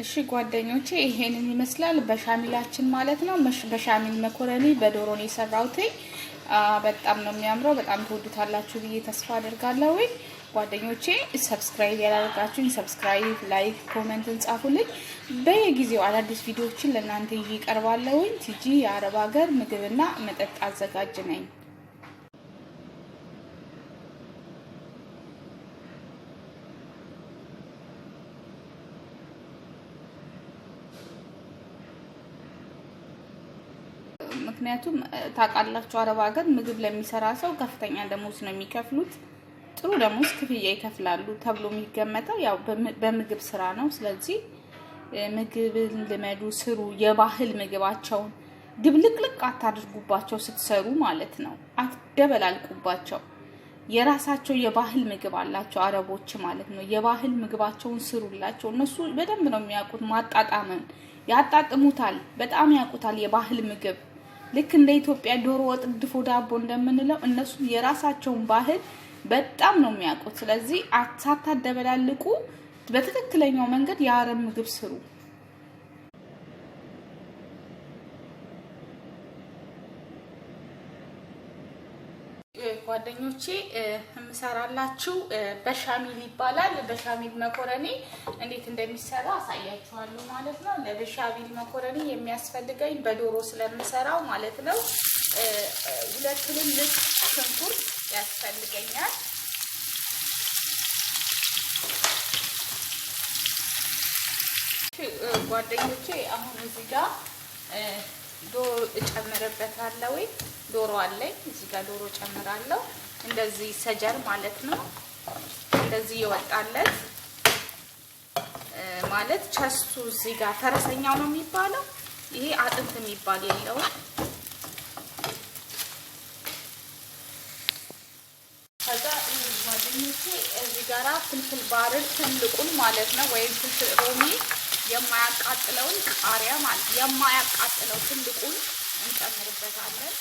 እሺ ጓደኞቼ ይሄንን ይመስላል በሻሚላችን ማለት ነው። በሻሚል መኮረኒ በዶሮን የሰራውትኝ በጣም ነው የሚያምረው። በጣም ትወዱታላችሁ ብዬ ተስፋ አደርጋለሁ። ጓደኞቼ ሰብስክራይብ ያላደረጋችሁኝ ሰብስክራይብ፣ ላይክ፣ ኮመንትን ጻፉልኝ። በየጊዜው አዳዲስ ቪዲዮዎችን ለእናንተ ይቀርባለሁኝ። ቲጂ የአረብ ሀገር ምግብና መጠጥ አዘጋጅ ነኝ። ምክንያቱም ታውቃላችሁ አረብ ሀገር ምግብ ለሚሰራ ሰው ከፍተኛ ደሞዝ ነው የሚከፍሉት። ጥሩ ደሞዝ ክፍያ ይከፍላሉ ተብሎ የሚገመተው ያው በምግብ ስራ ነው። ስለዚህ ምግብን ልመዱ፣ ስሩ። የባህል ምግባቸውን ድብልቅልቅ አታድርጉባቸው ስትሰሩ ማለት ነው። አትደበላልቁባቸው። የራሳቸው የባህል ምግብ አላቸው አረቦች ማለት ነው። የባህል ምግባቸውን ስሩላቸው። እነሱ በደንብ ነው የሚያውቁት ማጣጣምን ያጣጥሙታል። በጣም ያውቁታል የባህል ምግብ ልክ እንደ ኢትዮጵያ ዶሮ ወጥ ድፎ ዳቦ እንደምንለው እነሱ የራሳቸውን ባህል በጣም ነው የሚያውቁት። ስለዚህ ሳታደበላልቁ በትክክለኛው መንገድ የአረብ ምግብ ስሩ። ጓደኞቼ የምሰራላችሁ በሻሚል ይባላል። በሻሚል መኮረኒ እንዴት እንደሚሰራ አሳያችኋለሁ ማለት ነው። ለበሻሚል መኮረኒ የሚያስፈልገኝ በዶሮ ስለምሰራው ማለት ነው ሁለት ትልልቅ ሽንኩርት ያስፈልገኛል። ጓደኞቼ አሁን እዚህ ጋር ዶሮ እጨምርበታለሁ ወይ ዶሮ አለኝ እዚህ ጋር ዶሮ ጨምራለሁ። እንደዚህ ሰጀር ማለት ነው። እንደዚህ የወጣለት ማለት ቸስቱ እዚህ ጋር ፈረሰኛው ነው የሚባለው። ይሄ አጥንት የሚባል የለውም። ከዛ ጓደኞቼ እዚህ ጋራ ፍልፍል ባርል ትልቁን ማለት ነው ወይም ፍልፍል ሮሚ የማያቃጥለውን ቃሪያ ማለት የማያቃጥለው ትልቁን እንጨምርበታለን።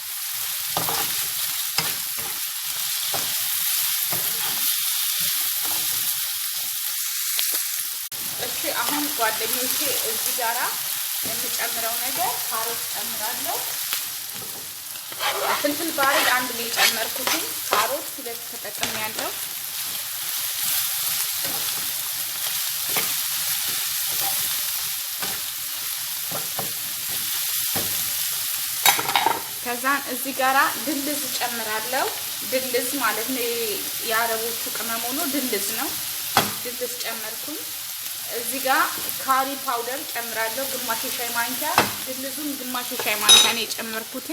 አሁን ጓደኞቼ እዚህ ጋራ የምጨምረው ነገር ካሮት ጨምራለሁ። ፍልፍል ባሪ አንድ ላይ ጨመርኩትኝ። ካሮት ሁለት ተጠቅም ያለው ከዛን እዚህ ጋራ ድልዝ ጨምራለሁ። ድልዝ ማለት ነው የአረቦቹ ቅመም ሆኖ ድልዝ ነው። ድልዝ ጨመርኩኝ። እዚህ ጋር ካሪ ፓውደር ጨምራለሁ። ግማሽ የሻይ ማንኪያ ድልዙም ግማሽ የሻይ ማንኪያ ነው የጨመርኩት።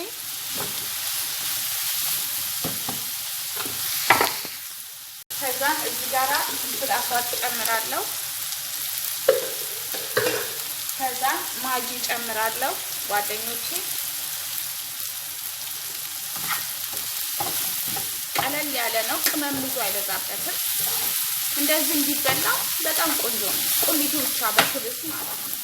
ከዛን እዚህ ጋር ፍልፍል አስዋት ጨምራለሁ። ከዛ ማጂ ጨምራለሁ ጓደኞቼ። ቀለል ያለ ነው፣ ቅመም ብዙ አይበዛበትም። እንደዚህ እንዲበላ በጣም ቆንጆ ነው። ቁሊቱ ብቻ በክብስ ማለት ነው።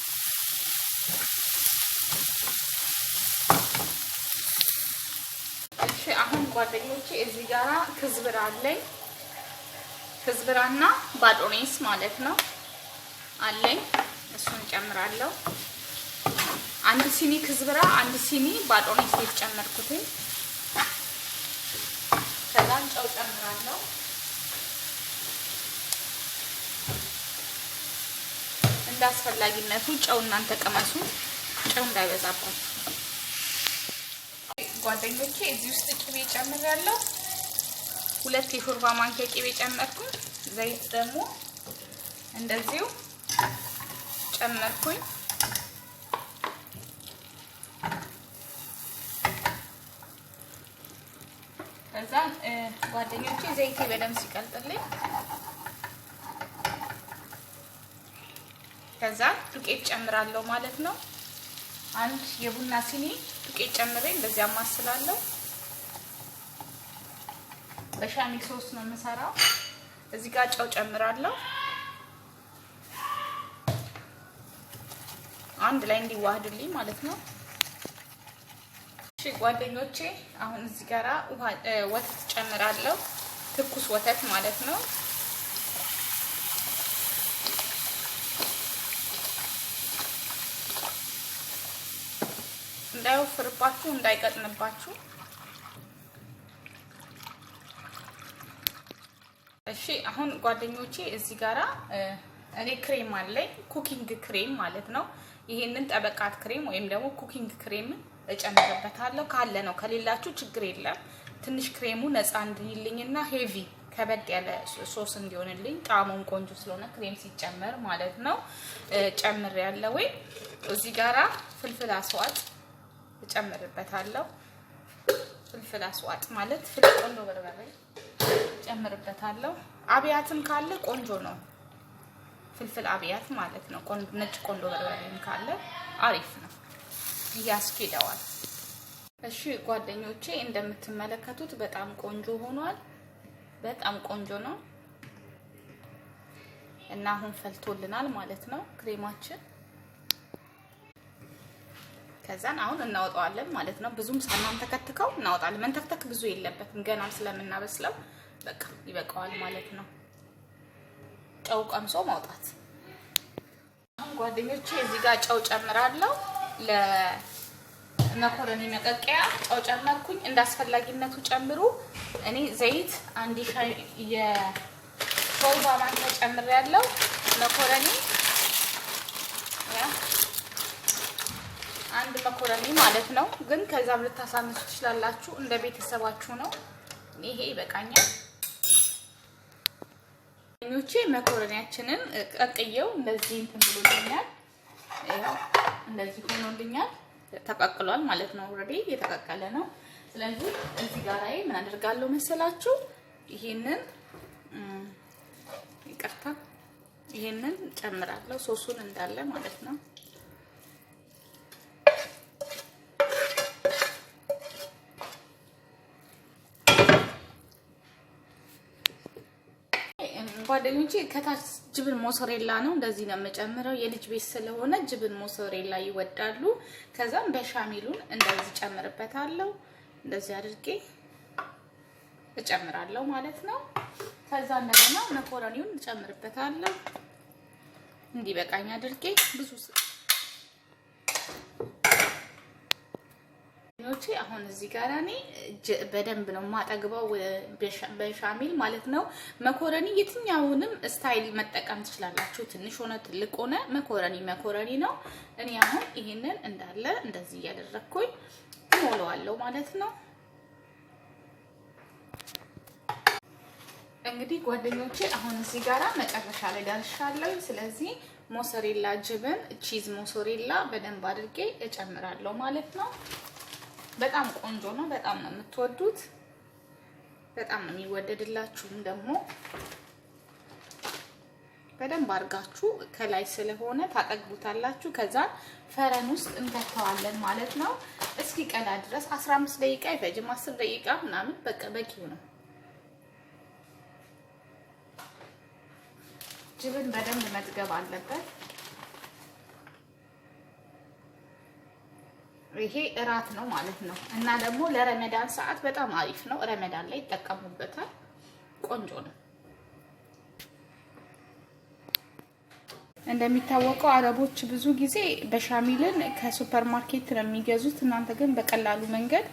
እሺ አሁን ጓደኞቼ እዚህ ጋራ ክዝብራ አለኝ። ክዝብራና ባዶኔስ ማለት ነው አለኝ። እሱን ጨምራለሁ። አንድ ሲኒ ክዝብራ፣ አንድ ሲኒ ባዶኔስ የተጨመርኩትኝ። ከዛም ጨው ጨምራለሁ። እንደ አስፈላጊነቱ ጨው እናንተ ቀመሱ። ጨው እንዳይበዛባችሁ ጓደኞቼ። እዚህ ውስጥ ቅቤ ጨምሬያለሁ። ሁለት የሾርባ ማንኪያ ቅቤ ጨመርኩኝ። ዘይት ደግሞ እንደዚሁ ጨመርኩኝ። ጓደኞቼ ዘይቴ በደንብ ሲቀልጥልኝ ከዛ ዱቄት ጨምራለሁ ማለት ነው። አንድ የቡና ሲኒ ዱቄት ጨምሬ እንደዚያ ማስላለሁ። በሻሚ ሶስ ነው የምሰራው። እዚህ ጋር ጨው ጨምራለሁ። አንድ ላይ እንዲዋህድልኝ ማለት ነው። እሺ ጓደኞቼ፣ አሁን እዚህ ጋራ ወተት ጨምራለሁ። ትኩስ ወተት ማለት ነው። እንዳይወፍርባችሁ እንዳይቀጥንባችሁ። እሺ አሁን ጓደኞቼ እዚህ ጋራ እኔ ክሬም አለኝ፣ ኩኪንግ ክሬም ማለት ነው። ይሄንን ጠበቃት ክሬም ወይም ደግሞ ኩኪንግ ክሬም እጨምርበታለሁ ካለ ነው፣ ከሌላችሁ ችግር የለም። ትንሽ ክሬሙ ነፃ እንዲልኝና ሄቪ ከበድ ያለ ሶስ እንዲሆንልኝ ጣዕሙን ቆንጆ ስለሆነ ክሬም ሲጨመር ማለት ነው ጨምር ያለ ወይ እዚህ ጋራ ፍልፍል አስዋጥ እጨምርበታለሁ። ፍልፍል አስዋጥ ማለት ፍል ቆንጆ በርበሬ እጨምርበታለሁ። አብያትም ካለ ቆንጆ ነው። ፍልፍል አብያት ማለት ነው። ነጭ ቆንጆ በርበሬም ካለ አሪፍ ነው፣ እያስኬደዋል። እሺ ጓደኞቼ እንደምትመለከቱት በጣም ቆንጆ ሆኗል። በጣም ቆንጆ ነው እና አሁን ፈልቶልናል ማለት ነው ክሬማችን ከዛን አሁን እናወጣዋለን ማለት ነው። ብዙም ተከትከው እናወጣለን። መንተክተክ ብዙ የለበትም ገና ስለምናበስለው በቃ ይበቃዋል ማለት ነው። ጨው ቀምሶ ማውጣት። አሁን ጓደኞቼ እዚህ ጋር ጨው ጨምራለሁ። ለመኮረኒ መቀቀያ ጨው ጨመርኩኝ። እንደ አስፈላጊነቱ ጨምሩ። እኔ ዘይት አንድ የሾርባ ማንኪያ ጨምሬያለሁ። መኮረኒ አንድ መኮረኒ ማለት ነው። ግን ከዛም ልታሳንሱ ትችላላችሁ። እንደ ቤተሰባችሁ ነው። ይሄ ይበቃኛል። ኞቼ መኮረኒያችንን ቀቅየው እንደዚህ እንትን ብሎልኛል። እንደዚህ ሆኖልኛል። ተቀቅሏል ማለት ነው። ኦልሬዲ እየተቀቀለ ነው። ስለዚህ እዚህ ጋር ላይ ምን አደርጋለሁ መሰላችሁ? ይሄንን ይቅርታ፣ ይሄንን ጨምራለሁ ሶሱን እንዳለ ማለት ነው። ጓደኞቼ ከታች ጅብን ሞሶሬላ ነው እንደዚህ ነው የምጨምረው። የልጅ ቤት ስለሆነ ጅብን ሞሶሬላ ይወዳሉ። ከዛም በሻሚሉን እንደዚህ ጨምርበታለሁ። እንደዚህ አድርጌ እጨምራለሁ ማለት ነው። ከዛ እንደገና መኮረኒውን እጨምርበታለሁ እንዲበቃኝ አድርጌ ብዙ አውጥቼ አሁን እዚህ ጋር እኔ በደንብ ነው ማጠግበው በሻሚል ማለት ነው። መኮረኒ የትኛውንም ስታይል መጠቀም ትችላላችሁ። ትንሽ ሆነ ትልቅ ሆነ መኮረኒ መኮረኒ ነው። እኔ አሁን ይሄንን እንዳለ እንደዚህ እያደረግኩኝ ሞለዋለሁ ማለት ነው። እንግዲህ ጓደኞቼ አሁን እዚህ ጋራ መጨረሻ ላይ ደርሻለሁ። ስለዚህ ሞሰሬላ ጅብን ቺዝ ሞሶሬላ በደንብ አድርጌ እጨምራለሁ ማለት ነው። በጣም ቆንጆ ነው። በጣም ነው የምትወዱት። በጣም ነው የሚወደድላችሁም ደግሞ በደንብ አድርጋችሁ ከላይ ስለሆነ ታጠግቡታላችሁ። ከዛ ፈረን ውስጥ እንከተዋለን ማለት ነው። እስኪ ቀላ ድረስ 15 ደቂቃ አይፈጅም፣ 10 ደቂቃ ምናምን በቃ በቂው ነው። ጅብን በደንብ መጥገብ አለበት። ይሄ እራት ነው ማለት ነው። እና ደግሞ ለረመዳን ሰዓት በጣም አሪፍ ነው። ረመዳን ላይ ይጠቀሙበታል። ቆንጆ ነው። እንደሚታወቀው አረቦች ብዙ ጊዜ በሻሚልን ከሱፐር ማርኬት ነው የሚገዙት። እናንተ ግን በቀላሉ መንገድ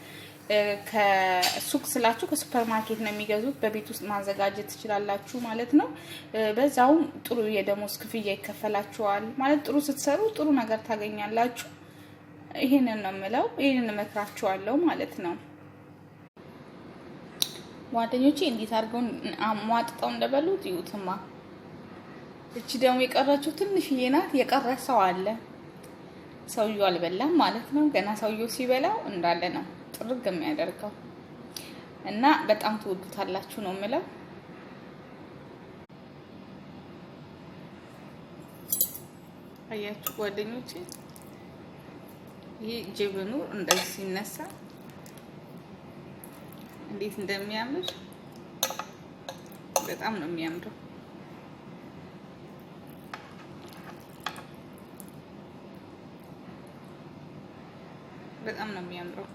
ከሱቅ ስላችሁ ከሱፐር ማርኬት ነው የሚገዙት። በቤት ውስጥ ማዘጋጀት ትችላላችሁ ማለት ነው። በዛውም ጥሩ የደሞዝ ክፍያ ይከፈላችኋል ማለት ጥሩ ስትሰሩ ጥሩ ነገር ታገኛላችሁ። ይህንን ነው የምለው፣ ይህንን እመክራችኋለሁ ማለት ነው። ጓደኞቼ እንዴት አድርገው አሟጥጠው እንደበሉት ይዩትማ። እቺ ደግሞ የቀረችው ትንሽዬ ናት። የቀረ ሰው አለ፣ ሰውየው አልበላም ማለት ነው። ገና ሰውየው ሲበላው እንዳለ ነው ጥርግ የሚያደርገው እና በጣም ትወዱታላችሁ ነው የምለው። አያችሁ ጓደኞቼ ይሄ ጅብኑ እንደዚህ ሲነሳ እንዴት እንደሚያምር በጣም ነው የሚያምረው። በጣም ነው የሚያምረው።